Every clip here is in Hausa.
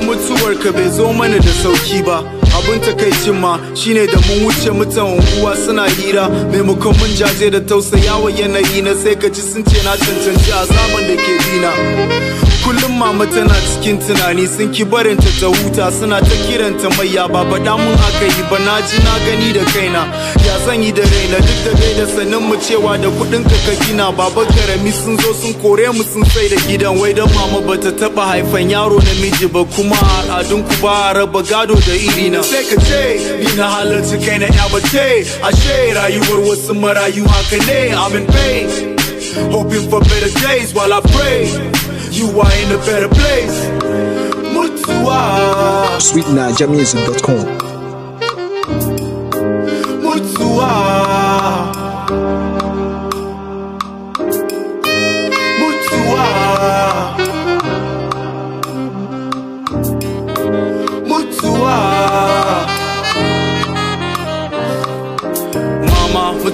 ko mutuwar bai zo mana da sauki ba abin takaicin ma shine da mun wuce mutan unguwa suna hira maimakon mun jaje da tausayawa yanayi na sai ka ji sun ce na cancanci a zaman da ke dina kullum mama tana cikin tunani sun ki barinta ta huta suna ta kiranta mayya ba faɗa mun aka yi ba na ji na gani da kaina ya zan yi da raina duk da da sanin mu cewa da kuɗin ka ka gina baba karami sun zo sun kore mu sun sai da gidan wai dan mama bata taba haifan yaro namiji ba kuma al'adun ku ba raba gado da iri na sai ka ce ni na halarci kai na ya bace ashe rayuwar wasu marayu haka ne amin in Hoping for better days while I pray you are in a better place. Mutua. Mutua.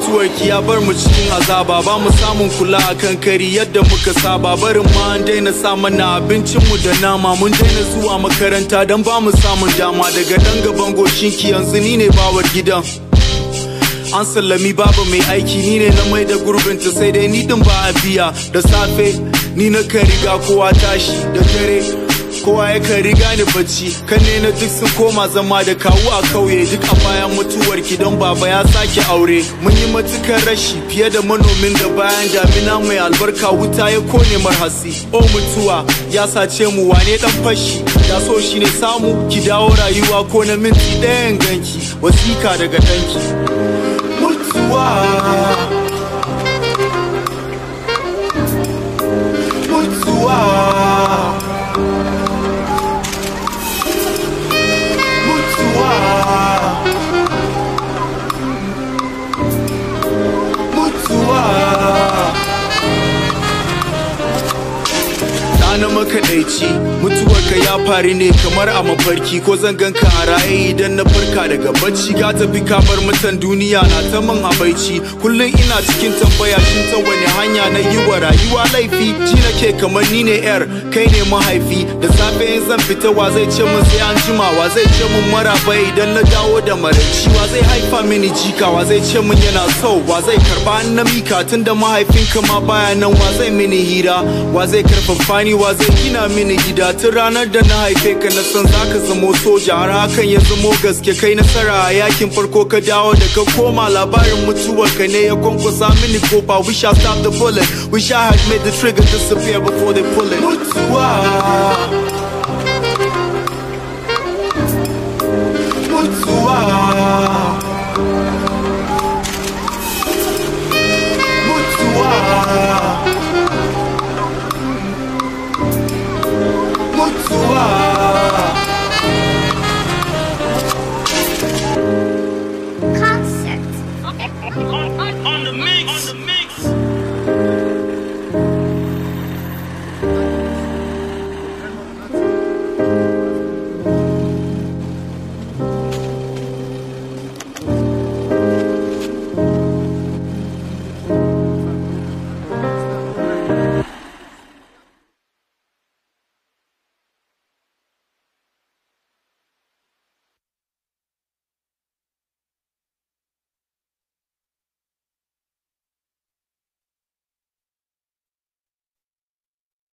mutuwarki ya bar mu cikin azaba ba mu samun kula akan kari yadda muka saba barin ma an daina sa mana abincin mu da nama mun daina zuwa makaranta dan ba mu samun dama daga dan gaban ki yanzu ni ne bawar gidan an sallami babu mai aiki ni ne na mai da gurbinta sai dai ni din ba a biya da safe ni na kan riga kowa tashi da dare kowa ya kan riga ni bacci kan ne na duk sun koma zama da kawu a kauye duk a bayan mutuwar ki don baba ya sake aure mun yi matukar rashi fiye da manomin da bayan damina mai albarka wuta ya kone marhasi o mutuwa ya sace mu wane dan fashi ya so shi ne samu ki dawo rayuwa ko na minti ɗayan ganki wasika daga danki mutuwa maraici mutuwar ka ya faru ne kamar a mafarki ko zan ka a raye idan na farka daga bacci ka tafi ka bar mutan duniya na ta man barci. kullum ina cikin tambaya shin ta wani hanya na yi wa rayuwa laifi ji nake kamar ni ne yar kai ne mahaifi da safe in zan fita wa zai ce min sai an jima wa zai ce min maraba idan na dawo da maraici wa zai haifa mini jika wa zai ce min yana so wa zai karba na mika tunda mahaifinka ma baya nan wa zai mini hira wa zai karfafa ni wa zai gina mini gida tun ranar da na haife ka na san zaka zamo soja har hakan ya zamo gaske kai nasara a yakin farko ka dawo da ka koma labarin mutuwar ka ne ya kwankwasa mini kofa we shall stop the bullet we shall have made the trigger disappear before they pull it mutuwa